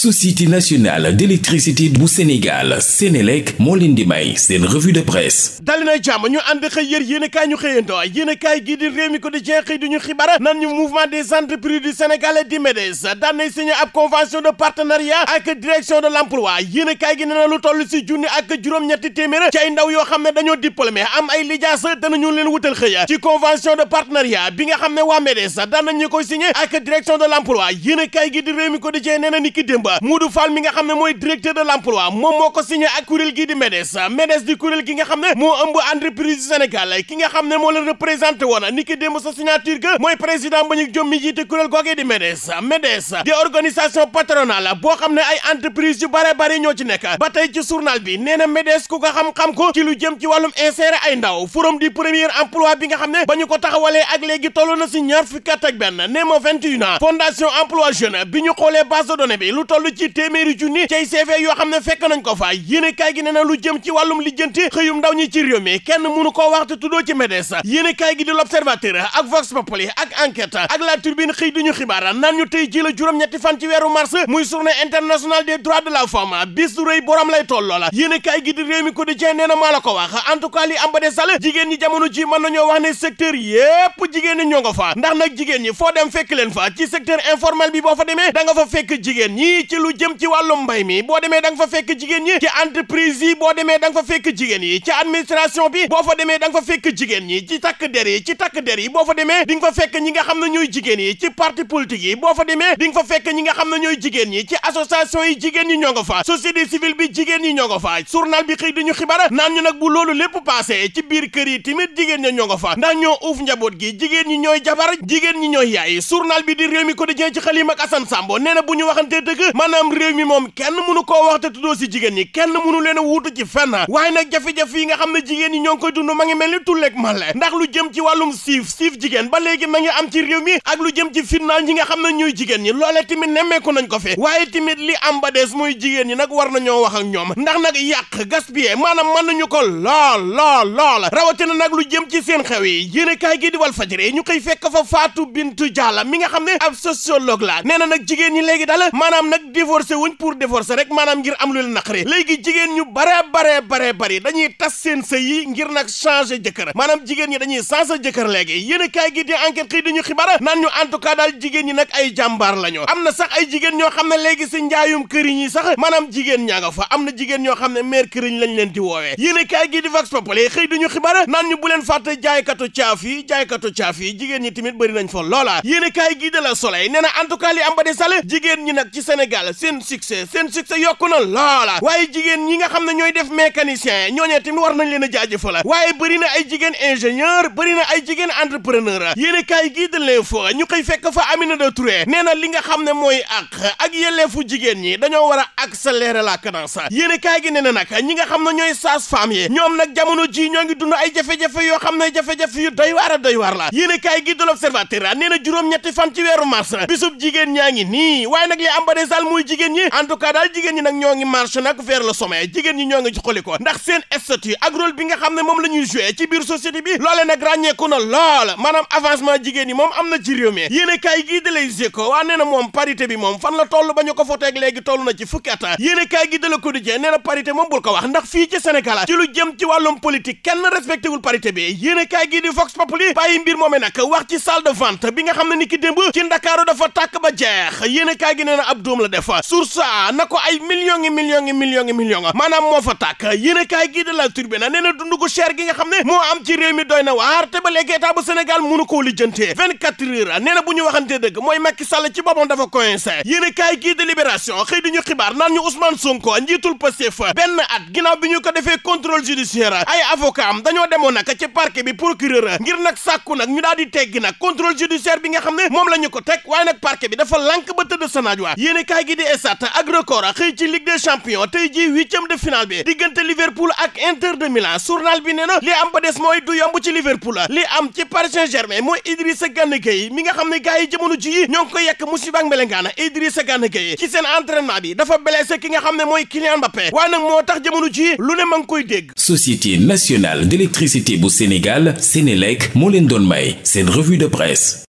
société nationale d'électricité bu Sénégal Sénélec moo leen di may seen revue de presse dali jàmm ñu ànd xëy yër yéen kaay ñu xëyandoo yéen kaay gii di réew ko di jeex xëy gi nee na lu toll si junni ak juróom-ñetti téeméer ci ay ndaw yoo xam ne dañoo diplômé am ay lijaas danañu leen wutal xëy ci convention de partenariat bi nga xam ne waa MEDES daan nañu ko signé ak direction de l'emploi yéen gi di réew ko di jeex nee na ni ki démb ba Modou Fall mi nga xam ne mooy directeur de l'emploi moom moo ko signé ak kuréel gii di MEDES MEDES di kuréel gi nga xam ne moo ëmb entreprise Sénégal ki nga xam ne moo leen représenté woon ni ki démb sa signature ga mooy président ba ñu jom mi jiite kuréel googee di MEDES MEDES di organisation patronale boo xam ne ay entreprise yu bare bare ñoo ci nekk ba tey ci journal bi nee na MEDES ku ko xam-xam ko ci lu jëm ci wàllum insérer ay ndaw forum du premier emploi bi nga xam ne ba ñu ko taxawalee ak léegi toll na si ñaar fukki at ak benn bi ñu xoolee base toll ci téeméeri junni cay CV yoo xam ne fekk nañ ko fa yéene kaay gi nee na lu jëm ci wàllum lijjanti xëyum ndaw ñi ci réew kenn mënu koo wax tuddoo ci MEDES yéene kaay gi di l'Observateur ak Vox Populi ak Enquête ak La Tribune xëy duñu xibaar naan ñu tey ji la juróom-ñetti fan ci weeru mars muy journée internationale des droits de la femme bis rëy borom lay tolloo la yéene kaay gi di réew mi ko di cee nee maa la ko wax en tout jigéen ñi foo dem fekk leen fa ci ci lu jëm ci wàllu mbay mi boo demee danga fa fekk jigéen ñi ci entreprise yi boo demee da nga fa fekk jigéen yi ci administration bi boo fa demee da nga fekk jigéen ñi ci takk der yi ci takk der yi boo fa demee di nga fa fekk ñi nga xam ne ñooy jigéen yi ci parti politique yi boo fa demee di nga fa fekk ñi nga xam na ñooy jigéen ñi ci association yi jigéen ñi ñoo nga fa société civile bi jigéen ñi ñoo nga fa journal bi xëy dañu xibaar naan ñu nag bu loolu lépp passé ci biir kër yi tamit jigéen ñi ñoo nga fa ndax ñoo uuf gi jigéen ñi ñooy jabar jigéen ñi ñooy yaay journal bi di réew mi quotidien ci xalim ak Assane Sambo nee ñu waxante dëgg maanaam réew mi moom kenn mënu koo wax te tuddoo si jigéen ñi kenn mënu leen a wuutu ci fenn waaye nag jafe-jafe yi nga xam ne jigéen ñi ñoo ngi koy dund ma ngi mel ni tulleeg male ndax lu jëm ci wàllum siif siif jigéen ba léegi ma ngi am ci réew mi ak lu jëm ci firnaal ñi nga xam ne ñuy jigéen ñi loole tamit nemmeeku nañ ko fi waaye tamit li am ba des muy jigéen ñi nag war nañoo wax ak ñoom ndax nag yàq gaspiller maanaam mën nañu ko lool lool lool rawatina nag lu jëm ci seen xew yi kaay gi di wal fajëre ñu koy fekk fa Fatou Bintou Diallo mi nga xam ne ab sociologue la nee na nag jigéen ñi léegi daal maanaam nag nag divorcé wuñ pour divorcé rek maanaam ngir am lu leen naqari léegi jigéen ñu bare bare bare bari dañuy tas seen sëy yi ngir nag changé jëkkër maanaam jigéen ñi dañuy changé jëkkër léegi yéen kaay gi di enquête xëy dañu xibaar naan ñu en tout cas daal jigéen ñi nag ay jàmbaar lañu am na sax ay jigéen ñoo xam ne léegi si njaayum këriñ yi sax maanaam jigéen ñaa nga fa na jigéen ñoo xam ne mère këriñ lañ leen di woowee yéen kaay gi di vox populi xëy dañu xibaar naan ñu bu leen fàtte jaaykatu caaf yi jaaykatu caaf yi jigéen ñi tamit bari nañ fa loola yéen kaay gi de la soleil nee na en tout cas li am ba di sale jigéen ñi nag ci Sénégal Sénégal seen succès seen succès yokku na loola waaye jigéen ñi nga xam ne ñooy def mécanicien ñooñee tamit war nañ leen a jaajëfal waaye bëri na ay jigéen ingénieur bëri na ay jigéen entrepreneur yéen kaay gii de l'info ñu koy fekk fa Aminata Touré nee na li nga xam ne mooy ak ak yelleefu jigéen ñi dañoo war a accélérer la cadence yéen kaay gi nee na ñi nga xam ne ñooy sages-femmes yi ñoom nag jamono ji ñoo ngi dund ay jafe-jafe yoo xam ne jafe-jafe yu doy waar a la yéen kaay gii de l'Observateur nee fan ci weeru mars bisub muy jigéen ñi en tout cas daal jigéen ñi nag ñoo ngi marché nag vers le sommet jigéen ñi ñoo ngi ci xoliko ndax seen statut ak rôle bi nga xam ne moom la ñuy joué ci biir société bi loole nag ràññeeku na lool maanaam avancement jigéen ñi moom am na ci réew mi yéen kaay gii de Les waa nee na moom parité bi moom fan la toll ba ñu ko foteeg léegi toll na ci fukki at yéen kaay gii de Le Quotidien nee na parité moom bul ko wax ndax fii ci Sénégal ci lu jëm ci wàllum politique kenn respecté wul parité bi yéen kaay gii di Vox Populi bàyyi mbir moome nag wax nga xam ne ni ki démb ci Ndakaaru dafa tàkk ba jeex yéen kaay gi nee na ab doom la def source a na ko ay millions ngi millions ngi millions ngi millions a maanaam moo fa tàkk yéen a kaay gii de la Tribune nee na dund gi nga xam ne moo am ci réew mi doy na waar te ba léegi état bu Sénégal mënu koo lijjantee vingt-quatre heures bu ñu waxantee dëgg mooy Macky Sall ci boppam dafa coincé yéen a kaay gii de Libération xëy di ñu xibaar naan ñu Ousmane Sonko njiitul Pastef benn a ginnaaw bi ñu ko defee contrôle judiciaire ay avocat am dañoo demoon nag ci parquet bi procureur ngir nag sàkku nag ñu daal di teggi nag contrôle judiciaire bi nga xam ne moom la ñu ko teg waaye nag parquet dafa lànk ba tëdd sanaaj waa kaay de di esat ak record xëy ci ligue des champions tey ji huitième de finale bi diggante Liverpool ak Inter de Milan journal bi nee na li am ba des mooy du yomb ci Liverpool li am ci Paris Saint-Germain mooy Idrissa Gana Gueye mi nga xam ne gars yi jamono ji ñoo ngi ko yekk musiba ak melengaana Idrissa Gana Gueye ci seen entraînement bi dafa blessé ki nga xam ne mooy Kylian Mbappé waaye nag moo tax jamono ji lu ne ma ngi koy dégg. Société nationale d'électricité bu Sénégal Sénélec moo leen doon may seen revue de presse.